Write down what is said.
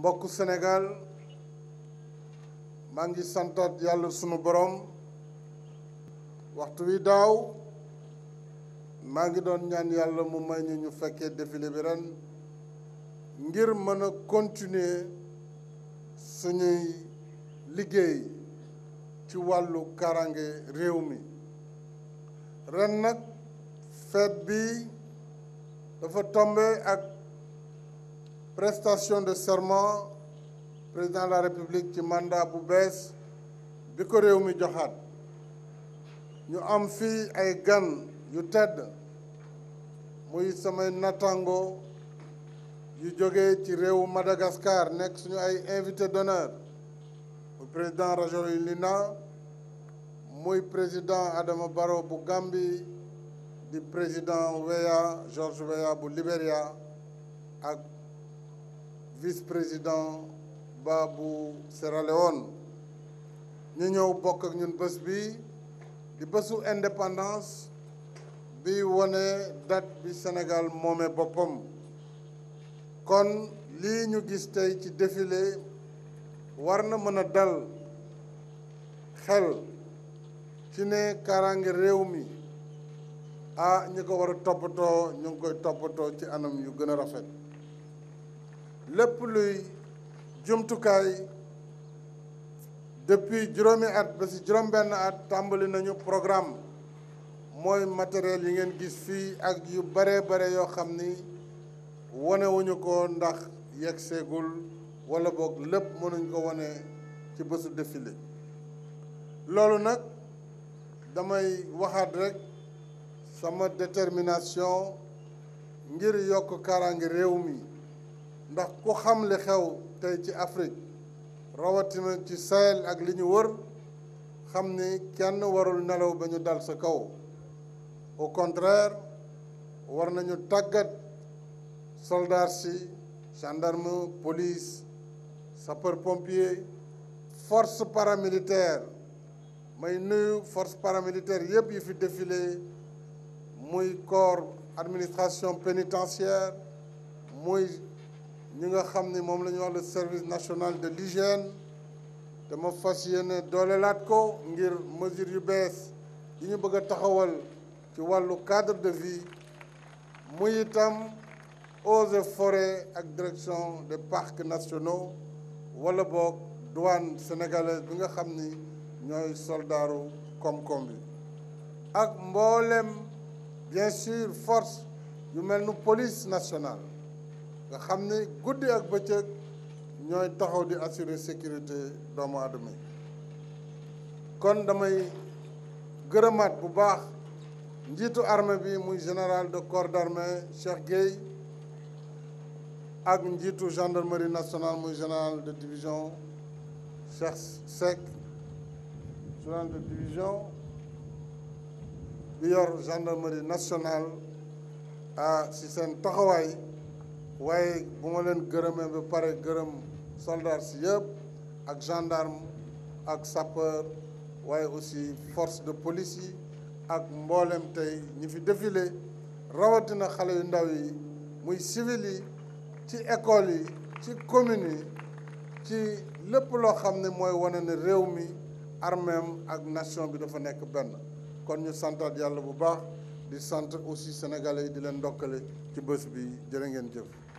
mbokk Sénégal maa ngi santaat yàlla sunu borom waxtu wi daaw maa ngi doon ñaan yàlla mu may ñu ñu fekkee défilé bi ren ngir mën a continuer suñuy liggéey ci wàllu karange réew mi ren nag fête bi dafa tombe ak prestation de serment président la république ci mandat bu bees bi ko réew mi joxaat ñu am fi ay gan yu tedd muy samay nattango yu jógee ci réewu Madagascar nekk suñu ay invité d'honneur muy président Rajoelina muy président Adama Barrow bu gambi di président Weah George Weah bu Libéria ak vice-président ba bu Sierra Leone ñu ñëw bokk ak ñun bés bi di bésu indépendance bi wane dat bi Sénégal moomee boppam kon lii ñu gis tey ci défilé war na mën a dal xel ci ne kaaraange réew mi ah ñi ko war a toppatoo ñu ngi koy toppatoo ci anam yu gën a rafet lépp luy jumtukaay depuis juróomi at ba si juróom-benn at tàmbali nañu programme mooy matériel yi ngeen gis fii ak yu bare bare yoo xam ni wonewuñu ko ndax yegg wala boog lépp mënuñ ko wone ci bésu défilé loolu nag damay waxaat rekk sama détermination ngir yokk kaaraange réew mi ndax ku xam li xew tey ci Afrique rawatina ci Sahel ak li ñu wër xam ni kenn warul nelaw ba ñu dal sa kaw au contraire war nañu tàggat soldats si gendarme police sapeur pompier force paramilitaire may nuyu force paramilitaire yëpp yi fi défilé muy corps administration pénitentiaire muy ñi nga xam ni moom la ñu wax service national de l'hygiène dama fas yéene doolelaat ko ngir mesure yu bees yi ñu bëgg a taxawal ci wàllu cadre de vie muy itam eaux et forêts ak direction des parcs nationaux wala boog douane sénégalaise bi nga xam ni ñooy soldaaru koom-koom bi ak mboolem bien sûr force yu mel nu police nationale nga xam ne guddi ak bëccëg ñooy taxaw di assurer sécurité doomu aadama yi kon damay gërëmaat bu baax njiitu armée bi muy général de corps d'armée Cheikh Gueye ak njiitu gendarmerie nationale muy général de division Cheikh Seck yor gendarmerie nationale ah si seen taxawaay waaye bu ma leen gërëmee ba pare gërëm soldats si yëpp ak gendarme ak sapeur waaye aussi force de police yi ak mbooleem tey ñi fi défilé rawatina xale yu ndaw yi muy civil yi ci école yi ci commune yi ci lépp loo xam ne mooy wane ne réew mi armeem ak nation bi dafa nekk benn kon ñu santaat yàlla bu baax di sant aussi sénégalais yi di leen ndokkale ci bés bi jërë ngeen jëf